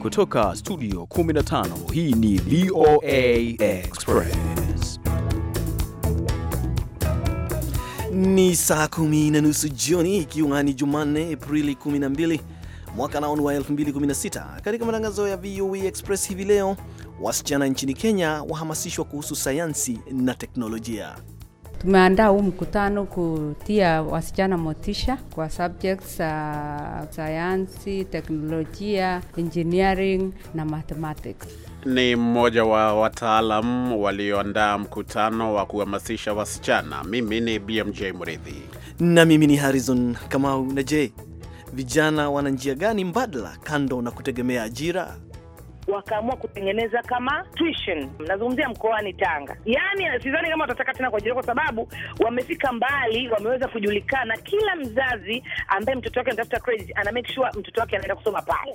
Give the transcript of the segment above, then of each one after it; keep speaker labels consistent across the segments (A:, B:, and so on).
A: Kutoka studio 15
B: hii ni VOA Express.
A: Ni saa kumi na nusu jioni ikiwa ni Jumanne Aprili 12 mwaka naoni wa 2016. Katika matangazo ya VOA Express hivi leo, wasichana nchini Kenya wahamasishwa kuhusu sayansi na teknolojia.
C: Tumeandaa huu mkutano kutia wasichana motisha kwa subjects za uh, sayansi, teknolojia, engineering na mathematics.
D: Ni mmoja wa wataalam walioandaa mkutano wa kuhamasisha wasichana. Mimi ni BMJ mridhi
A: na mimi ni Harrison Kamau. Na je, vijana wana njia gani mbadala kando na kutegemea ajira?
E: wakaamua kutengeneza kama tuition. Nazungumzia mkoani Tanga, yaani sidhani kama watataka tena kuajiriwa, kwa sababu wamefika mbali, wameweza kujulikana. Kila mzazi ambaye mtoto wake anatafuta credit ana make sure mtoto wake anaenda kusoma pale.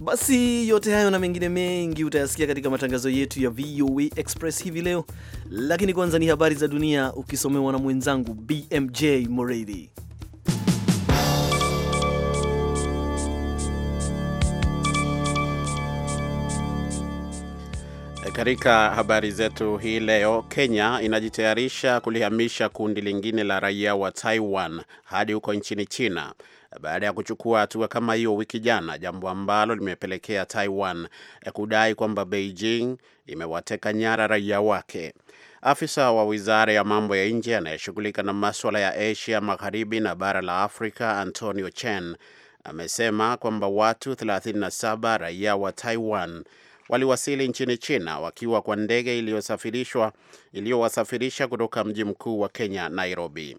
A: Basi yote hayo na mengine mengi utayasikia katika matangazo yetu ya VOA Express hivi leo, lakini kwanza ni habari za dunia ukisomewa na mwenzangu BMJ Moredi.
D: Katika habari zetu hii leo, Kenya inajitayarisha kulihamisha kundi lingine la raia wa Taiwan hadi huko nchini China baada ya kuchukua hatua kama hiyo wiki jana, jambo ambalo limepelekea Taiwan kudai kwamba Beijing imewateka nyara raia wake. Afisa wa wizara ya mambo ya nje anayeshughulika na maswala ya Asia Magharibi na bara la Afrika, Antonio Chen amesema kwamba watu 37 raia wa Taiwan waliwasili nchini China wakiwa kwa ndege iliyosafirishwa iliyowasafirisha kutoka mji mkuu wa Kenya, Nairobi.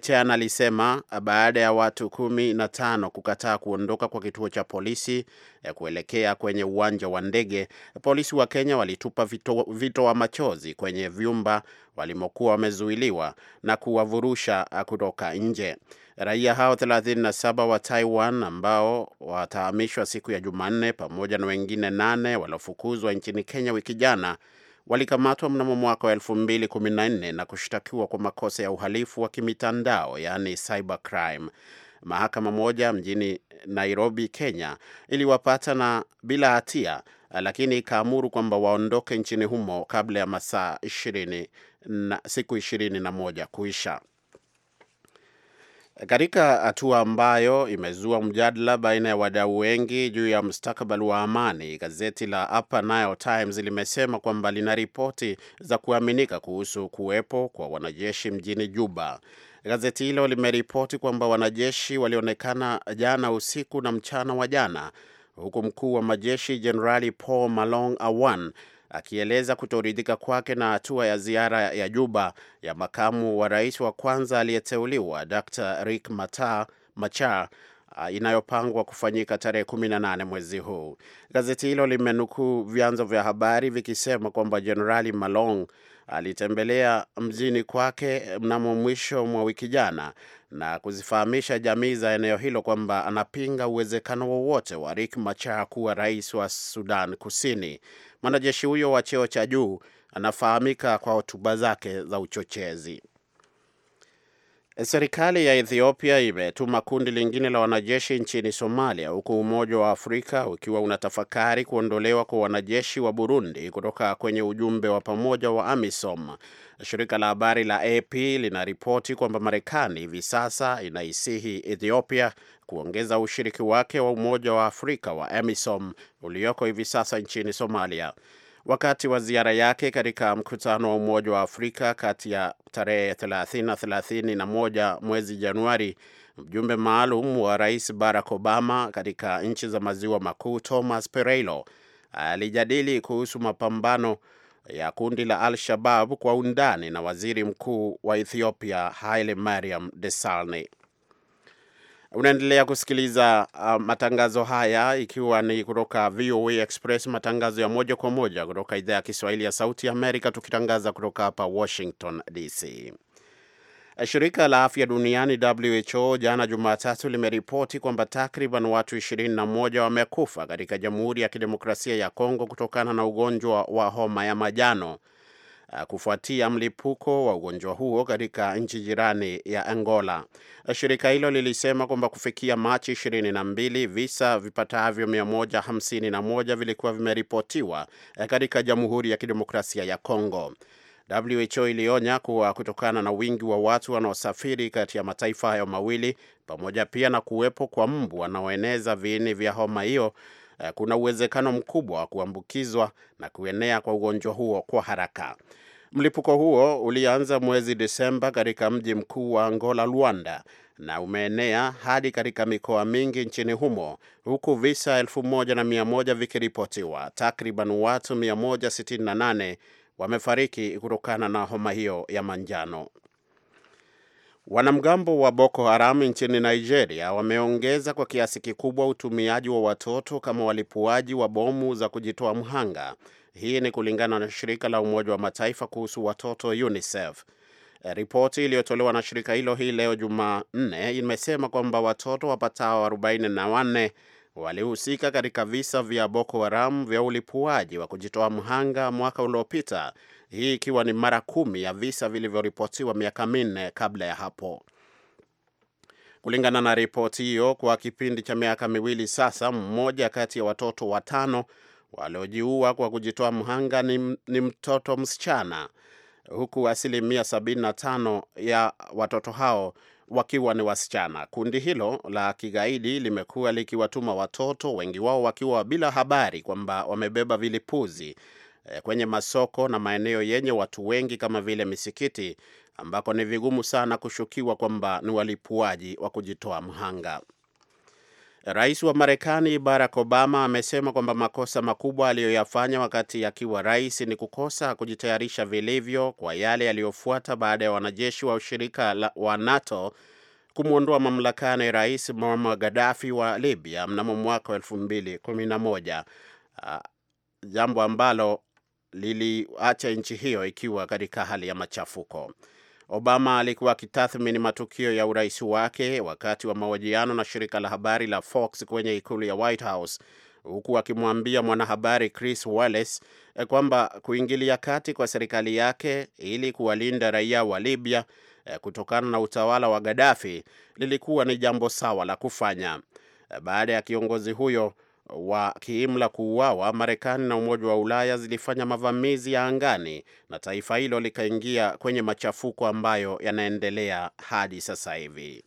D: Chan alisema baada ya watu kumi na tano kukataa kuondoka kwa kituo cha polisi eh, kuelekea kwenye uwanja wa ndege, polisi wa Kenya walitupa vitoa vito machozi kwenye vyumba walimokuwa wamezuiliwa na kuwavurusha kutoka nje. Raia hao 37 wa Taiwan ambao watahamishwa siku ya Jumanne pamoja na wengine nane waliofukuzwa nchini Kenya wiki jana walikamatwa mnamo mwaka wa 2014 na kushtakiwa kwa makosa ya uhalifu wa kimitandao yaani cybercrime. Mahakama moja mjini Nairobi, Kenya, iliwapata na bila hatia, lakini ikaamuru kwamba waondoke nchini humo kabla ya masaa ishirini na siku ishirini na moja kuisha. Katika hatua ambayo imezua mjadala baina ya wadau wengi juu ya mustakabali wa amani, gazeti la Upper Nile Times limesema kwamba lina ripoti za kuaminika kuhusu kuwepo kwa wanajeshi mjini Juba. Gazeti hilo limeripoti kwamba wanajeshi walionekana jana usiku na mchana wa jana, huku mkuu wa majeshi Jenerali Paul Malong Awan akieleza kutoridhika kwake na hatua ya ziara ya Juba ya makamu wa rais wa kwanza aliyeteuliwa Dr. Rick Mata, Machar ah, inayopangwa kufanyika tarehe 18 mwezi huu. Gazeti hilo limenukuu vyanzo vya habari vikisema kwamba Jenerali Malong alitembelea mjini kwake mnamo mwisho mwa wiki jana na kuzifahamisha jamii za eneo hilo kwamba anapinga uwezekano wowote wa Riek Machar kuwa rais wa Sudan Kusini. Mwanajeshi huyo wa cheo cha juu anafahamika kwa hotuba zake za uchochezi. Serikali ya Ethiopia imetuma kundi lingine la wanajeshi nchini Somalia, huku Umoja wa Afrika ukiwa unatafakari kuondolewa kwa wanajeshi wa Burundi kutoka kwenye ujumbe wa pamoja wa AMISOM. Shirika la habari la AP linaripoti kwamba Marekani hivi sasa inaisihi Ethiopia kuongeza ushiriki wake wa Umoja wa Afrika wa AMISOM ulioko hivi sasa nchini Somalia wakati wa ziara yake katika mkutano wa Umoja wa Afrika kati ya tarehe 30 na moja mwezi Januari. Mjumbe maalum wa Rais Barack Obama katika nchi za maziwa makuu Thomas pereilo alijadili kuhusu mapambano ya kundi la Al-Shabab kwa undani na waziri mkuu wa Ethiopia Haile Mariam Desalegn. Unaendelea kusikiliza uh, matangazo haya ikiwa ni kutoka VOA Express, matangazo ya moja kwa moja kutoka idhaa ya Kiswahili ya Sauti Amerika, tukitangaza kutoka hapa Washington DC. Eh, shirika la afya duniani WHO jana Jumatatu limeripoti kwamba takriban watu 21 wamekufa katika Jamhuri ya Kidemokrasia ya Kongo kutokana na ugonjwa wa homa ya majano Eh, kufuatia mlipuko wa ugonjwa huo katika nchi jirani ya Angola. Eh, shirika hilo lilisema kwamba kufikia Machi 22 visa vipatavyo 151 vilikuwa vimeripotiwa eh, katika Jamhuri ya Kidemokrasia ya Kongo. WHO ilionya kuwa kutokana na wingi wa watu wanaosafiri kati ya mataifa hayo mawili pamoja pia na kuwepo kwa mbu wanaoeneza viini vya homa hiyo Eh, kuna uwezekano mkubwa wa kuambukizwa na kuenea kwa ugonjwa huo kwa haraka. Mlipuko huo ulianza mwezi Desemba katika mji mkuu wa Angola, Luanda, na umeenea hadi katika mikoa mingi nchini humo, huku visa elfu vikiripotiwa. Takriban watu 168 wamefariki kutokana na homa hiyo ya manjano. Wanamgambo wa Boko Haram nchini Nigeria wameongeza kwa kiasi kikubwa utumiaji wa watoto kama walipuaji wa bomu za kujitoa mhanga. Hii ni kulingana na shirika la Umoja wa Mataifa kuhusu watoto UNICEF. Ripoti iliyotolewa na shirika hilo hii leo Jumanne imesema kwamba watoto wapatao 44 walihusika katika visa vya Boko Haram vya ulipuaji wa kujitoa mhanga mwaka uliopita hii ikiwa ni mara kumi ya visa vilivyoripotiwa miaka minne kabla ya hapo. Kulingana na ripoti hiyo, kwa kipindi cha miaka miwili sasa, mmoja kati ya watoto watano waliojiua kwa kujitoa mhanga ni, ni mtoto msichana, huku asilimia 75 ya watoto hao wakiwa ni wasichana. Kundi hilo la kigaidi limekuwa likiwatuma watoto, wengi wao wakiwa bila habari kwamba wamebeba vilipuzi, Eh, kwenye masoko na maeneo yenye watu wengi kama vile misikiti ambako ni vigumu sana kushukiwa kwamba ni walipuaji wa kujitoa mhanga. Rais wa Marekani Barack Obama amesema kwamba makosa makubwa aliyoyafanya wakati akiwa rais ni kukosa kujitayarisha vilivyo kwa yale yaliyofuata baada ya wanajeshi wa ushirika wa NATO kumwondoa mamlakani Rais Muammar Gaddafi wa Libya mnamo mwaka wa ah, jambo ambalo liliacha nchi hiyo ikiwa katika hali ya machafuko. Obama alikuwa akitathmini matukio ya urais wake wakati wa mahojiano na shirika la habari la Fox kwenye ikulu ya White House, huku akimwambia mwanahabari Chris Wallace eh, kwamba kuingilia kati kwa serikali yake ili kuwalinda raia wa Libya eh, kutokana na utawala wa Gaddafi lilikuwa ni jambo sawa la kufanya. Eh, baada ya kiongozi huyo wa kiimla kuuawa, Marekani na Umoja wa Ulaya zilifanya mavamizi ya angani na taifa hilo likaingia kwenye machafuko ambayo yanaendelea hadi sasa hivi.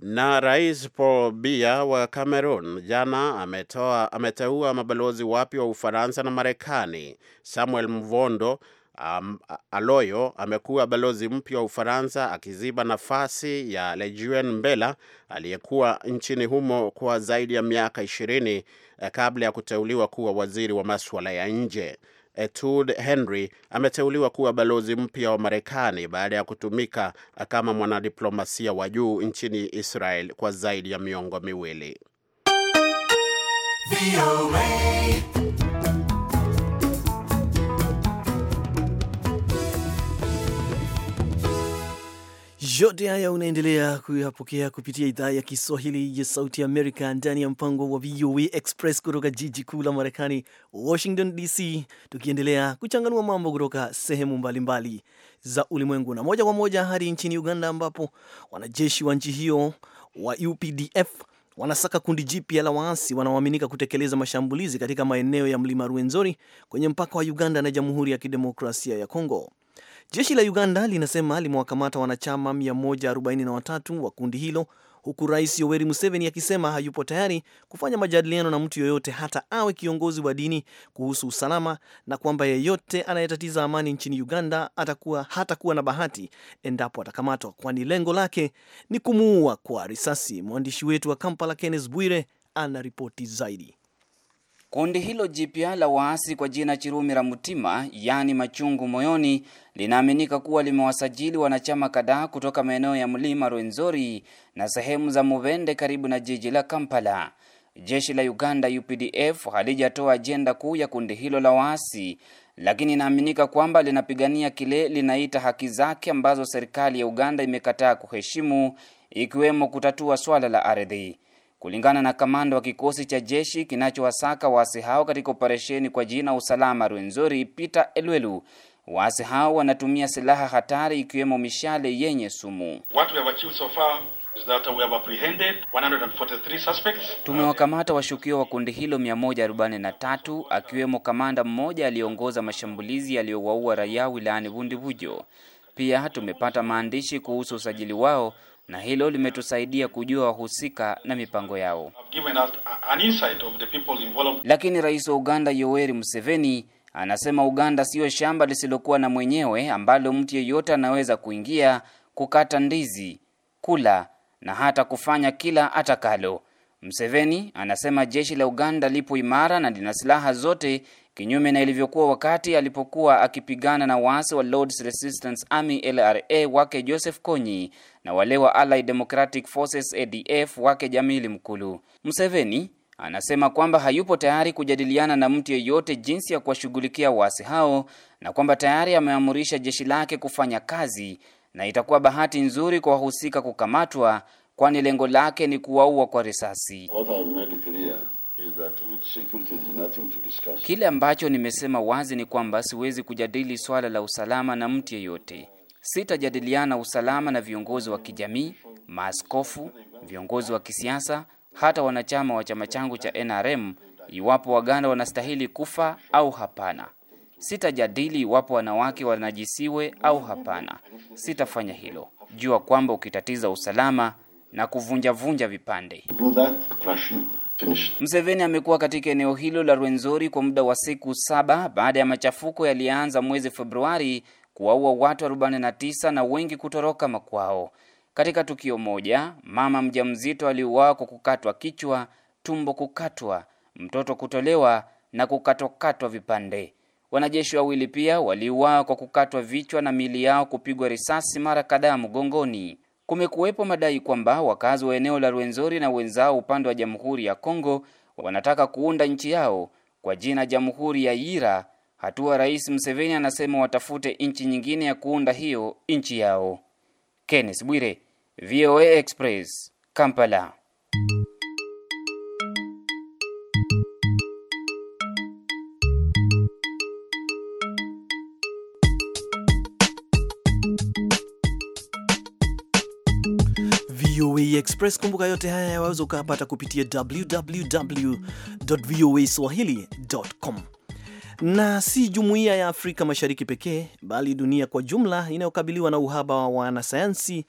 D: Na Rais Paul Biya wa Cameroon jana ametoa, ameteua mabalozi wapya wa Ufaransa na Marekani. Samuel Mvondo um, Aloyo amekuwa balozi mpya wa Ufaransa akiziba nafasi ya Leguen Mbela aliyekuwa nchini humo kwa zaidi ya miaka ishirini eh, kabla ya kuteuliwa kuwa waziri wa maswala ya nje. Etud Henry ameteuliwa kuwa balozi mpya wa Marekani baada ya kutumika eh, kama mwanadiplomasia wa juu nchini Israel kwa zaidi ya miongo miwili.
A: Yote haya unaendelea kuyapokea kupitia idhaa ya Kiswahili ya Sauti ya Amerika ndani ya mpango wa VOA Express kutoka jiji kuu la Marekani, Washington DC, tukiendelea kuchanganua mambo kutoka sehemu mbalimbali mbali za ulimwengu, na moja kwa moja hadi nchini Uganda ambapo wanajeshi wa nchi hiyo wa UPDF wanasaka kundi jipya la waasi wanaoaminika kutekeleza mashambulizi katika maeneo ya mlima ruenzori kwenye mpaka wa Uganda na Jamhuri ya Kidemokrasia ya Kongo. Jeshi la Uganda linasema limewakamata wanachama 143 wa kundi hilo, huku Rais Yoweri Museveni akisema hayupo tayari kufanya majadiliano na mtu yoyote, hata awe kiongozi wa dini, kuhusu usalama na kwamba yeyote anayetatiza amani nchini Uganda atakuwa hatakuwa na bahati endapo atakamatwa, kwani lengo lake ni kumuua kwa risasi. Mwandishi wetu wa Kampala Kenneth Bwire ana ripoti zaidi.
F: Kundi hilo jipya la waasi kwa jina Chirumira Mutima, yaani machungu moyoni, linaaminika kuwa limewasajili wanachama kadhaa kutoka maeneo ya mlima Rwenzori na sehemu za Mubende karibu na jiji la Kampala. Jeshi la Uganda UPDF halijatoa ajenda kuu ya kundi hilo la waasi, lakini inaaminika kwamba linapigania kile linaita haki zake ambazo serikali ya Uganda imekataa kuheshimu, ikiwemo kutatua swala la ardhi kulingana na kamanda wa kikosi cha jeshi kinachowasaka waasi hao katika operesheni kwa jina Usalama Rwenzori, Peter Elwelu. Waasi hao wanatumia silaha hatari ikiwemo mishale yenye sumu. Tumewakamata washukiwa wa kundi hilo 143 akiwemo kamanda mmoja aliyeongoza mashambulizi yaliyowaua raia wilayani Bundibugyo. Pia tumepata maandishi kuhusu usajili wao na hilo limetusaidia kujua wahusika na mipango yao. Lakini rais wa Uganda Yoweri Museveni anasema Uganda siyo shamba lisilokuwa na mwenyewe ambalo mtu yeyote anaweza kuingia kukata ndizi, kula na hata kufanya kila atakalo. Mseveni anasema jeshi la Uganda lipo imara na lina silaha zote, kinyume na ilivyokuwa wakati alipokuwa akipigana na waasi wa Lord's Resistance Army LRA wake Joseph Kony na wale wa Allied Democratic Forces ADF wake Jamili Mkulu. Museveni anasema kwamba hayupo tayari kujadiliana na mtu yeyote jinsi ya kuwashughulikia waasi hao na kwamba tayari ameamurisha jeshi lake kufanya kazi na itakuwa bahati nzuri kwa wahusika kukamatwa, kwani lengo lake ni kuwaua kwa risasi. Kile ambacho nimesema wazi ni kwamba siwezi kujadili swala la usalama na mtu yeyote sitajadiliana usalama na viongozi wa kijamii, maaskofu, viongozi wa kisiasa, hata wanachama wa chama changu cha NRM iwapo Waganda wanastahili kufa au hapana. Sitajadili iwapo wanawake wanajisiwe au hapana. Sitafanya hilo. Jua kwamba ukitatiza usalama na kuvunjavunja vipande. mseveni amekuwa katika eneo hilo la Rwenzori kwa muda wa siku saba baada ya machafuko yaliyeanza mwezi Februari kuwaua watu 49 na wengi kutoroka makwao. Katika tukio moja, mama mjamzito aliuawa kwa kukatwa kichwa, tumbo kukatwa, mtoto kutolewa na kukatwakatwa vipande. Wanajeshi wawili pia waliuawa kwa kukatwa vichwa na mili yao kupigwa risasi mara kadhaa mgongoni. Kumekuwepo madai kwamba wakazi wa eneo la Rwenzori na wenzao upande wa Jamhuri ya Kongo wanataka kuunda nchi yao kwa jina Jamhuri ya Yira hatua Rais Museveni anasema watafute nchi nyingine ya kuunda hiyo nchi yao. Kenneth Bwire, VOA Express, Kampala.
A: VOA Express. Kumbuka yote haya yaweza ukayapata kupitia www voa swahili.com. Na si jumuiya ya Afrika Mashariki pekee bali dunia kwa jumla inayokabiliwa na uhaba wa wanasayansi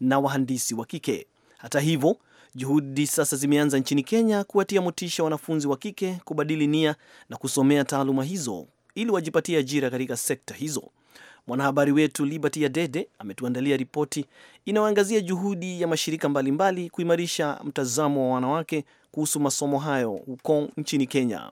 A: na wahandisi wa kike. Hata hivyo, juhudi sasa zimeanza nchini Kenya kuwatia motisha wanafunzi wa kike kubadili nia na kusomea taaluma hizo ili wajipatie ajira katika sekta hizo. Mwanahabari wetu Liberty adede ametuandalia ripoti inayoangazia juhudi ya mashirika mbalimbali mbali kuimarisha mtazamo wa wanawake kuhusu masomo hayo huko nchini Kenya.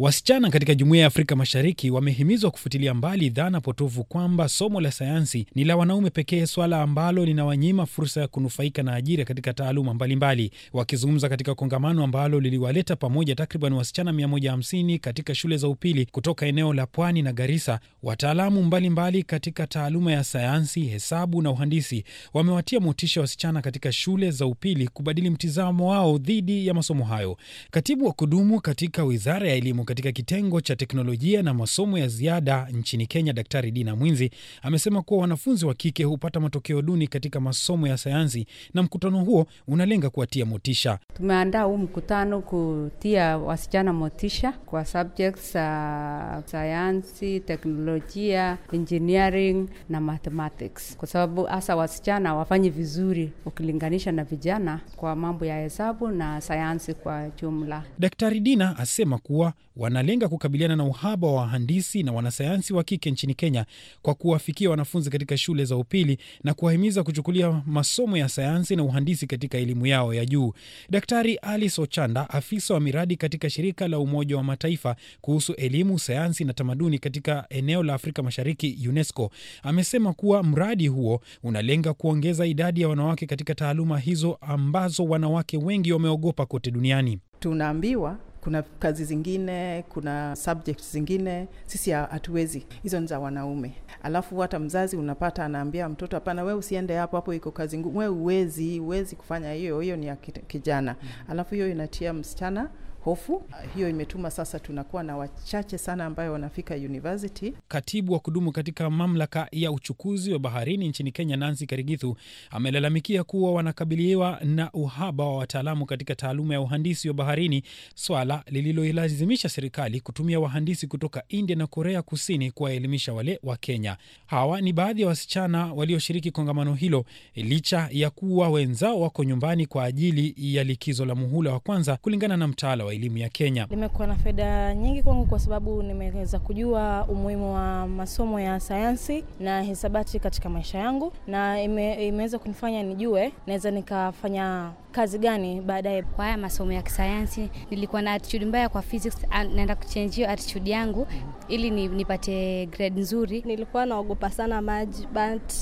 B: Wasichana katika jumuiya ya Afrika Mashariki wamehimizwa kufutilia mbali dhana potofu kwamba somo la sayansi ni la wanaume pekee, swala ambalo linawanyima fursa ya kunufaika na ajira katika taaluma mbalimbali. Wakizungumza katika kongamano ambalo liliwaleta pamoja takriban wasichana 150 katika shule za upili kutoka eneo la Pwani na Garissa, wataalamu mbalimbali katika taaluma ya sayansi, hesabu na uhandisi wamewatia motisha wasichana katika shule za upili kubadili mtizamo wao dhidi ya masomo hayo. Katibu wa kudumu katika Wizara ya Elimu katika kitengo cha teknolojia na masomo ya ziada nchini Kenya, Daktari Dina Mwinzi amesema kuwa wanafunzi wa kike hupata matokeo duni katika masomo ya sayansi, na mkutano huo unalenga kuwatia motisha.
C: Tumeandaa huu mkutano kutia wasichana motisha kwa subjects za uh, sayansi, teknolojia, engineering na mathematics, kwa sababu hasa wasichana wafanyi vizuri ukilinganisha na vijana kwa mambo ya hesabu na sayansi kwa jumla.
B: Daktari Dina asema kuwa wanalenga kukabiliana na uhaba wa wahandisi na wanasayansi wa kike nchini Kenya kwa kuwafikia wanafunzi katika shule za upili na kuwahimiza kuchukulia masomo ya sayansi na uhandisi katika elimu yao ya juu. Daktari Alice Ochanda, afisa wa miradi katika shirika la Umoja wa Mataifa kuhusu elimu, sayansi na tamaduni katika eneo la Afrika Mashariki, UNESCO, amesema kuwa mradi huo unalenga kuongeza idadi ya wanawake katika taaluma hizo ambazo wanawake wengi wameogopa kote duniani.
D: Tunaambiwa kuna kazi zingine, kuna subject zingine sisi hatuwezi, hizo ni za wanaume. Alafu hata mzazi unapata anaambia mtoto, hapana, we usiende hapo, hapo iko kazi ngumu, we uwezi, uwezi kufanya hiyo, hiyo ni ya kijana. Mm. Alafu hiyo inatia msichana hofu ah, hiyo imetuma sasa tunakuwa na wachache sana ambayo wanafika university.
B: Katibu wa kudumu katika mamlaka ya uchukuzi wa baharini nchini Kenya, Nancy Karigithu, amelalamikia kuwa wanakabiliwa na uhaba wa wataalamu katika taaluma ya uhandisi wa baharini, swala lililoilazimisha serikali kutumia wahandisi kutoka India na Korea Kusini kuwaelimisha wale wa Kenya. Hawa ni baadhi ya wa wasichana walioshiriki kongamano hilo, licha ya kuwa wenzao wako nyumbani kwa ajili ya likizo la muhula wa kwanza, kulingana na mtaala wa elimu ya Kenya.
C: Limekuwa na faida nyingi kwangu kwa sababu nimeweza kujua umuhimu wa masomo ya sayansi na hisabati katika maisha yangu, na ime, imeweza kunifanya nijue naweza nikafanya kazi gani baadaye. Kwa haya masomo ya kisayansi nilikuwa na attitude mbaya kwa physics, naenda kuchange attitude yangu ili nipate grade nzuri. Nilikuwa naogopa sana maji, but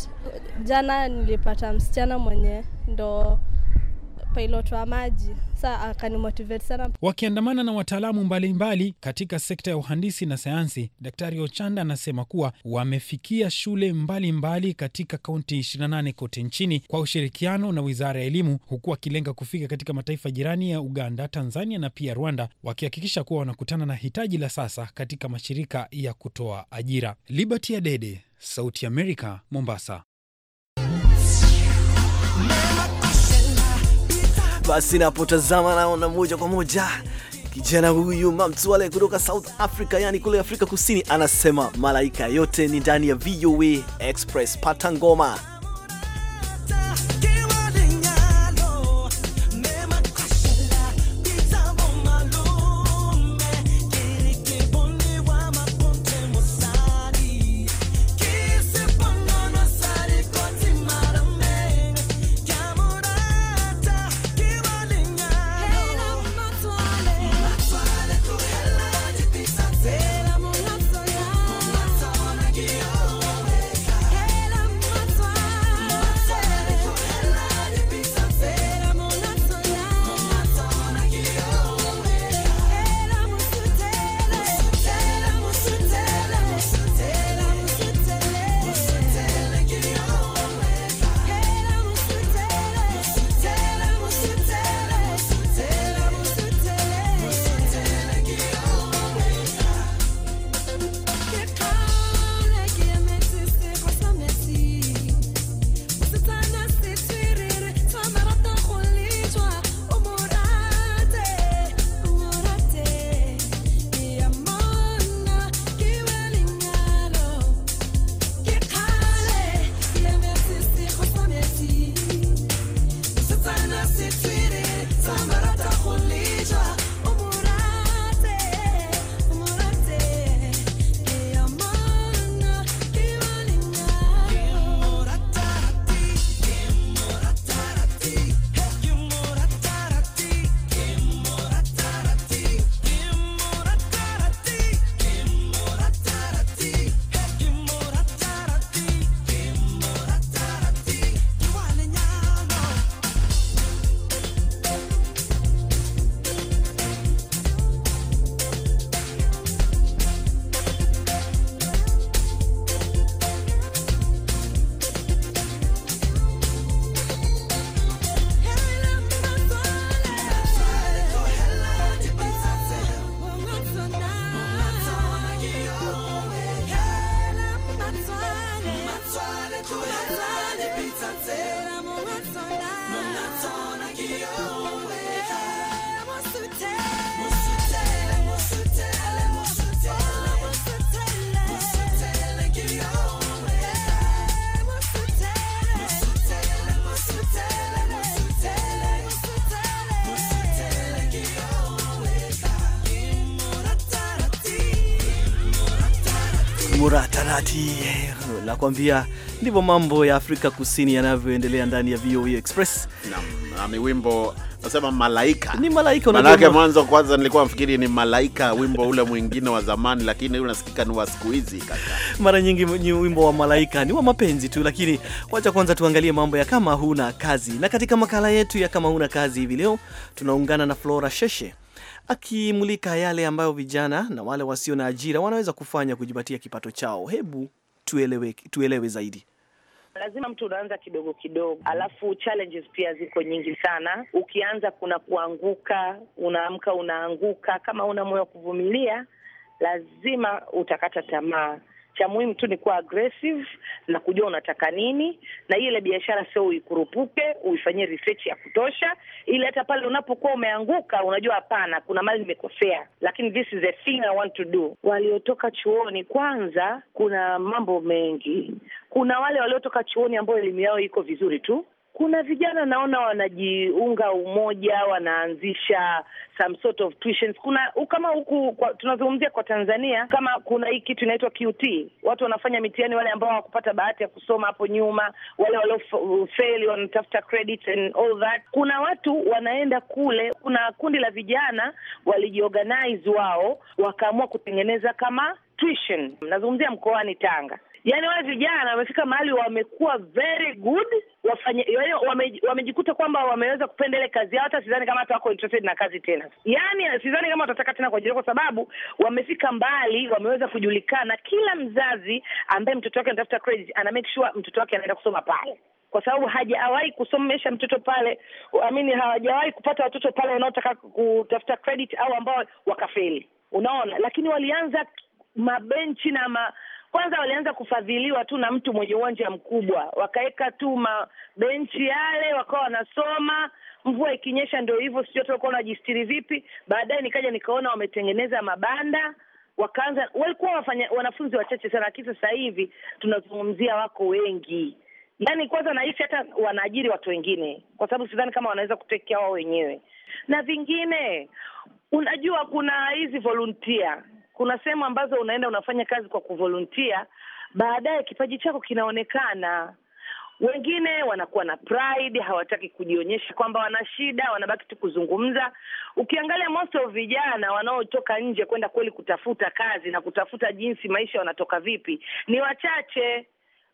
C: jana nilipata msichana mwenye ndo pilot wa maji, sa akanimotivate sana.
B: Wakiandamana na wataalamu mbalimbali katika sekta ya uhandisi na sayansi, Daktari Ochanda anasema kuwa wamefikia shule mbalimbali mbali katika kaunti 28 kote nchini kwa ushirikiano na wizara ya elimu, huku wakilenga kufika katika mataifa jirani ya Uganda, Tanzania na pia Rwanda, wakihakikisha kuwa wanakutana na hitaji la sasa katika mashirika ya kutoa ajira. Liberty Adede, Sauti ya Amerika, Mombasa.
A: Basi napotazama naona moja kwa moja kijana huyu Mamtswale kutoka South Africa, yani kule Afrika Kusini, anasema malaika yote ni ndani ya VOA Express. Pata ngoma. kati eh, la kuambia
D: ndivyo mambo ya Afrika Kusini yanavyoendelea ndani ya VOA e Express. Naam, ni wimbo nasema malaika. Ni malaika unajua. Mwanzo kwanza nilikuwa nafikiri ni malaika wimbo ule mwingine wa zamani, lakini unasikika ni wa siku hizi kaka.
A: Mara nyingi ni wimbo wa malaika ni wa mapenzi tu, lakini wacha kwanza tuangalie mambo ya kama huna kazi. Na katika makala yetu ya kama huna kazi hivi leo tunaungana na Flora Sheshe akimulika yale ambayo vijana na wale wasio na ajira wanaweza kufanya kujipatia kipato chao. Hebu tuelewe, tuelewe zaidi.
E: Lazima mtu unaanza kidogo kidogo, alafu challenges pia ziko nyingi sana. Ukianza kuna kuanguka, unaamka unaanguka. Kama una moyo wa kuvumilia, lazima utakata tamaa. Cha muhimu tu ni kuwa aggressive na kujua unataka nini, na ile biashara sio uikurupuke, uifanyie research ya kutosha, ili hata pale unapokuwa umeanguka unajua, hapana, kuna mali nimekosea, lakini this is the thing I want to do. Waliotoka chuoni, kwanza kuna mambo mengi. Kuna wale waliotoka chuoni ambao elimu yao iko vizuri tu, kuna vijana naona wanajiunga umoja, wanaanzisha some sort of tuitions. Kuna kama huku tunazungumzia kwa Tanzania, kama kuna hii kitu inaitwa QT, watu wanafanya mitihani, wale ambao hawakupata bahati ya kusoma hapo nyuma, wale waliofeli wanatafuta credit and all that. Kuna watu wanaenda kule, kuna kundi la vijana walijiorganize wao, wakaamua kutengeneza kama nutrition, nazungumzia mkoani Tanga. Yaani wale vijana wamefika mahali wamekuwa very good wafanye, yani, wamejikuta kwamba wameweza kupenda ile kazi yao, hata sidhani kama hata wako interested na kazi tena, yaani sidhani kama watataka tena kuajiriwa, kwa sababu wamefika mbali, wameweza kujulikana. Kila mzazi ambaye mtoto wake anatafuta credit ana make sure mtoto wake anaenda kusoma pale kwa sababu hajawahi kusomesha mtoto pale, amini, hawajawahi kupata watoto pale wanaotaka kutafuta credit au ambao wakafeli, unaona. Lakini walianza mabenchi na ma kwanza walianza kufadhiliwa tu na mtu mwenye uwanja mkubwa, wakaweka tu mabenchi yale, wakawa wanasoma. Mvua ikinyesha ndio hivyo, sijui hata walikuwa wanajistiri vipi. Baadaye nikaja nikaona wametengeneza mabanda, wakaanza. Walikuwa wafanya wanafunzi wachache sana, lakini sasa hivi tunazungumzia wako wengi. yani kwanza nahisi hata wanaajiri watu wengine, kwa sababu sidhani kama wanaweza kutekea wao wenyewe. Na vingine, unajua kuna hizi volunteer kuna sehemu ambazo unaenda unafanya kazi kwa kuvolunteer, baadaye kipaji chako kinaonekana. Wengine wanakuwa na pride, hawataki kujionyesha kwamba wana shida, wanabaki tu kuzungumza. Ukiangalia most of vijana wanaotoka nje kwenda kweli kutafuta kazi na kutafuta jinsi maisha wanatoka vipi ni wachache.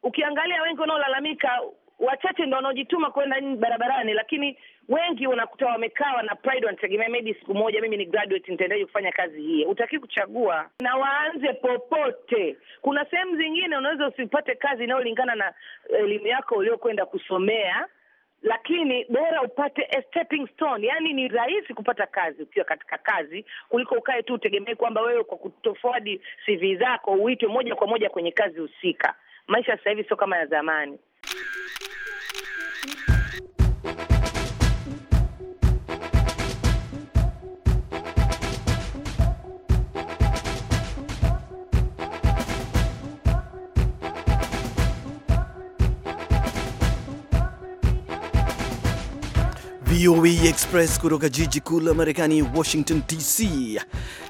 E: Ukiangalia wengi wanaolalamika wachache ndo wanaojituma kwenda barabarani, lakini wengi unakuta wamekaa na pride, wanategemea maybe siku moja mimi ni graduate nitaendaje kufanya kazi hii. Utaki kuchagua na waanze popote. Kuna sehemu zingine unaweza usipate kazi inayolingana na elimu yako uliokwenda kusomea, lakini bora upate a stepping stone. Yani ni rahisi kupata kazi ukiwa katika kazi kuliko ukae tu utegemee kwamba wewe kwa kutoforward CV zako uitwe moja kwa moja kwenye kazi husika. Maisha sasa hivi sio kama ya zamani.
A: VOA e Express kutoka jiji kuu la Marekani, Washington DC.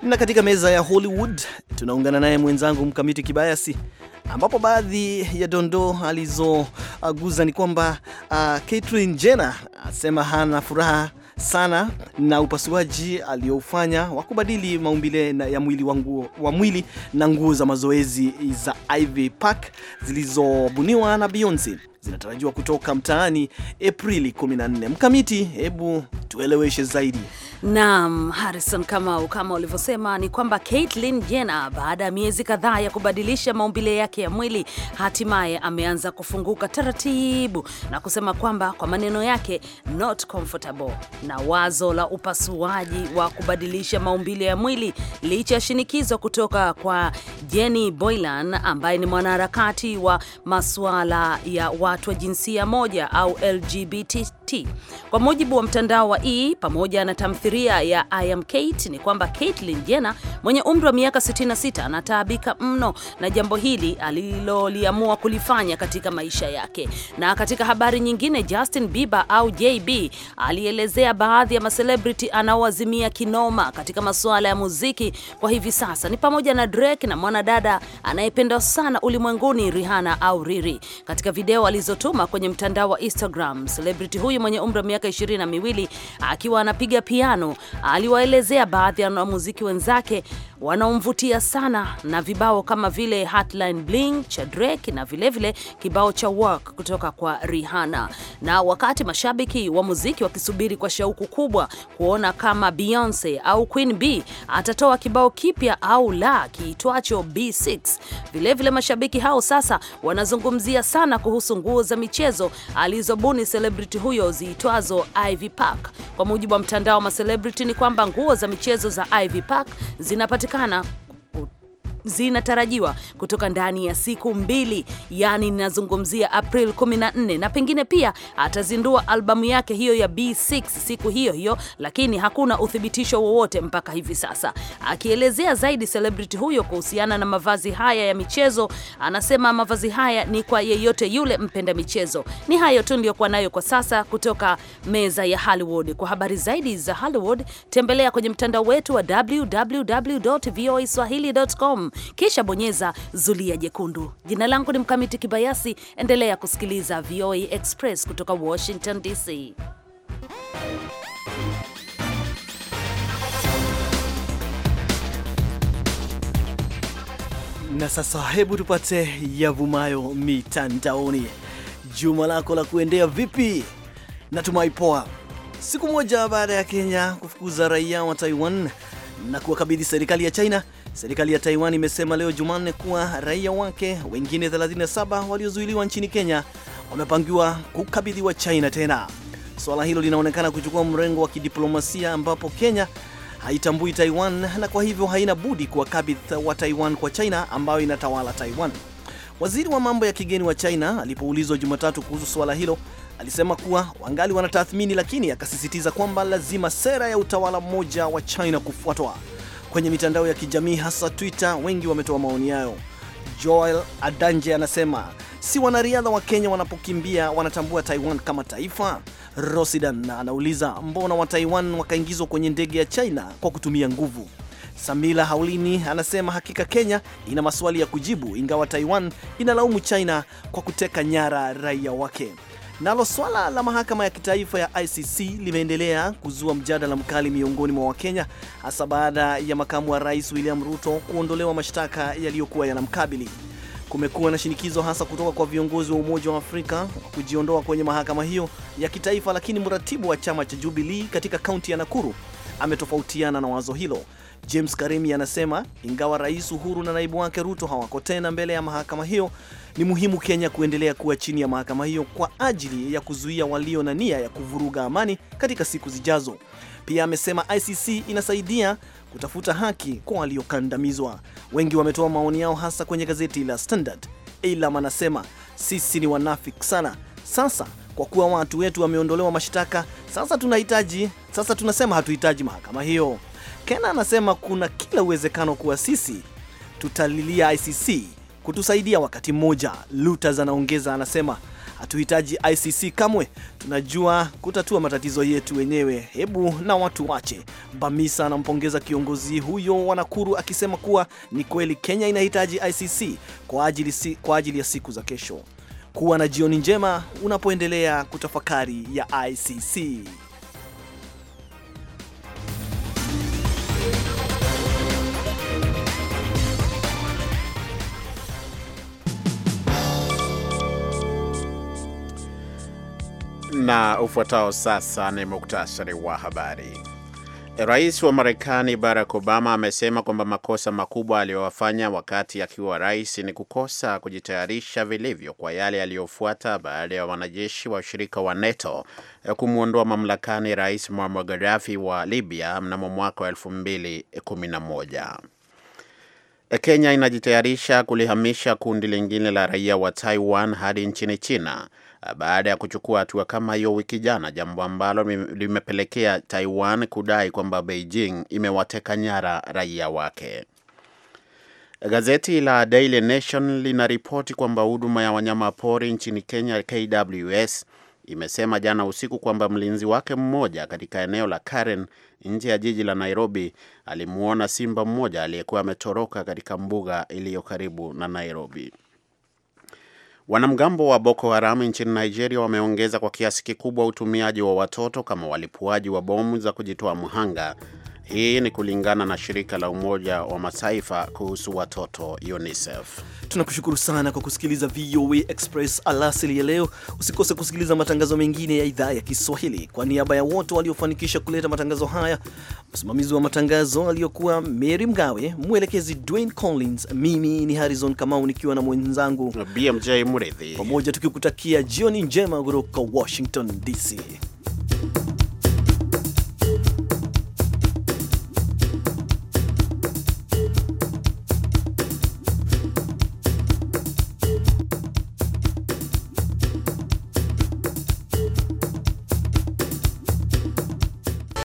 A: Na katika meza ya Hollywood tunaungana naye mwenzangu Mkamiti Kibayasi ambapo baadhi ya dondoo alizoguza ni kwamba uh, ah, Caitlyn Jenner asema hana furaha sana na upasuaji aliofanya wa kubadili maumbile ya mwili wangu, wa mwili na nguo za mazoezi za Ivy Park zilizobuniwa na Beyonce zinatarajiwa kutoka mtaani Aprili 14. Mkamiti, hebu tueleweshe zaidi.
C: Naam, Harrison, kama kama ulivyosema ni kwamba Caitlyn Jenner baada ya miezi kadhaa ya kubadilisha maumbile yake ya mwili hatimaye ameanza kufunguka taratibu na kusema kwamba kwa maneno yake not comfortable na wazo la upasuaji wa kubadilisha maumbile ya mwili licha ya shinikizo kutoka kwa Jenny Boylan ambaye ni mwanaharakati wa masuala ya watu wa jinsia moja au LGBT KT. Kwa mujibu wa mtandao wa E pamoja na tamthiria ya I Am Kate ni kwamba Caitlyn Jenner mwenye umri wa miaka 66 anataabika mno na jambo hili aliloliamua kulifanya katika maisha yake. Na katika habari nyingine, Justin Bieber au JB alielezea baadhi ya macelebrity anaoazimia kinoma katika masuala ya muziki kwa hivi sasa ni pamoja na Drake na mwanadada anayependwa sana ulimwenguni Rihanna au Riri. Katika video alizotuma kwenye mtandao wa Instagram, celebrity huyu huyu mwenye umri wa miaka ishirini na miwili akiwa anapiga piano aliwaelezea baadhi ya wanamuziki wenzake wanaomvutia sana na vibao kama vile Hotline Bling cha Drake na vilevile vile kibao cha Work kutoka kwa Rihanna. Na wakati mashabiki wa muziki wakisubiri kwa shauku kubwa kuona kama Beyonce au Queen B atatoa kibao kipya au la kiitwacho B6. Vilevile vile mashabiki hao sasa wanazungumzia sana kuhusu nguo za michezo alizobuni celebrity huyo ziitwazo Ivy Park. Kwa mujibu wa mtandao wa macelebrity ni kwamba nguo za michezo za Ivy Park zinapata kupatikana zinatarajiwa kutoka ndani ya siku mbili, yaani ninazungumzia April 14, na pengine pia atazindua albamu yake hiyo ya B6 siku hiyo hiyo, lakini hakuna uthibitisho wowote mpaka hivi sasa. Akielezea zaidi celebrity huyo kuhusiana na mavazi haya ya michezo, anasema mavazi haya ni kwa yeyote yule mpenda michezo. Ni hayo tu ndiyokuwa nayo kwa sasa kutoka meza ya Hollywood. Kwa habari zaidi za Hollywood tembelea kwenye mtandao wetu wa www kisha bonyeza zulia jekundu. Jina langu ni Mkamiti Kibayasi. Endelea kusikiliza VOA Express kutoka Washington DC.
A: Na sasa hebu tupate yavumayo mitandaoni. Juma lako la kuendea vipi? Natumai poa. Siku moja baada ya Kenya kufukuza raia wa Taiwan na kuwakabidhi serikali ya China. Serikali ya Taiwan imesema leo Jumanne kuwa raia wake wengine 37 waliozuiliwa nchini Kenya wamepangiwa kukabidhiwa China tena. Suala hilo linaonekana kuchukua mrengo wa kidiplomasia ambapo Kenya haitambui Taiwan na kwa hivyo haina budi kuwakabidhi wa Taiwan kwa China ambayo inatawala Taiwan. Waziri wa mambo ya kigeni wa China alipoulizwa Jumatatu kuhusu suala hilo Alisema kuwa wangali wanatathmini, lakini akasisitiza kwamba lazima sera ya utawala mmoja wa China kufuatwa. Kwenye mitandao ya kijamii hasa Twitter, wengi wametoa maoni yao. Joel Adanje anasema si wanariadha wa Kenya wanapokimbia wanatambua Taiwan kama taifa? Rosidan anauliza mbona wa Taiwan wakaingizwa kwenye ndege ya China kwa kutumia nguvu? Samila Haulini anasema hakika Kenya ina maswali ya kujibu, ingawa Taiwan inalaumu China kwa kuteka nyara raia wake. Nalo swala la mahakama ya kitaifa ya ICC limeendelea kuzua mjadala mkali miongoni mwa Wakenya, hasa baada ya makamu wa rais William Ruto kuondolewa mashtaka yaliyokuwa yanamkabili. Kumekuwa na shinikizo hasa kutoka kwa viongozi wa Umoja wa Afrika wa kujiondoa kwenye mahakama hiyo ya kitaifa, lakini mratibu wa chama cha Jubilee katika kaunti ya Nakuru ametofautiana na wazo hilo. James Karimi anasema ingawa Rais Uhuru na naibu wake Ruto hawako tena mbele ya mahakama hiyo, ni muhimu Kenya kuendelea kuwa chini ya mahakama hiyo kwa ajili ya kuzuia walio na nia ya kuvuruga amani katika siku zijazo. Pia amesema ICC inasaidia kutafuta haki kwa waliokandamizwa. Wengi wametoa maoni yao hasa kwenye gazeti la Standard. Eilam anasema sisi ni wanafiki sana. Sasa kwa kuwa watu wetu wameondolewa mashtaka, sasa tunahitaji, sasa tunasema hatuhitaji mahakama hiyo. Kena anasema kuna kila uwezekano kuwa sisi tutalilia ICC kutusaidia wakati mmoja. Lutas anaongeza anasema, hatuhitaji ICC kamwe, tunajua kutatua matatizo yetu wenyewe, hebu na watu wache. Bamisa anampongeza kiongozi huyo wa Nakuru akisema kuwa ni kweli Kenya inahitaji ICC kwa ajili, si, kwa ajili ya siku za kesho. Kuwa na jioni njema unapoendelea kutafakari ya ICC.
D: Na ufuatao sasa ni muktasari wa habari. Rais wa Marekani Barack Obama amesema kwamba makosa makubwa aliyowafanya wakati akiwa rais ni kukosa kujitayarisha vilivyo kwa yale yaliyofuata baada ya wanajeshi wa ushirika wa NATO kumwondoa mamlakani Rais Muammar Gaddafi wa Libya mnamo mwaka wa 2011. Kenya inajitayarisha kulihamisha kundi lingine la raia wa Taiwan hadi nchini China baada ya kuchukua hatua kama hiyo wiki jana, jambo ambalo limepelekea Taiwan kudai kwamba Beijing imewateka nyara raia wake. Gazeti la Daily Nation linaripoti kwamba huduma ya wanyama pori nchini Kenya, KWS, imesema jana usiku kwamba mlinzi wake mmoja katika eneo la Karen nje ya jiji la Nairobi alimuona simba mmoja aliyekuwa ametoroka katika mbuga iliyo karibu na Nairobi. Wanamgambo wa Boko Haram nchini Nigeria wameongeza kwa kiasi kikubwa utumiaji wa watoto kama walipuaji wa bomu za kujitoa mhanga hii ni kulingana na shirika la Umoja wa Mataifa kuhusu watoto UNICEF.
A: Tunakushukuru sana kwa kusikiliza VOA Express alasili ya leo. Usikose kusikiliza matangazo mengine ya idhaa ya Kiswahili. Kwa niaba ya wote waliofanikisha kuleta matangazo haya, msimamizi wa matangazo aliyokuwa Mary Mgawe, mwelekezi Dwayne Collins, mimi ni Harrison Kamau nikiwa na mwenzangu BMJ mridhi pamoja tukikutakia jioni njema kutoka Washington DC.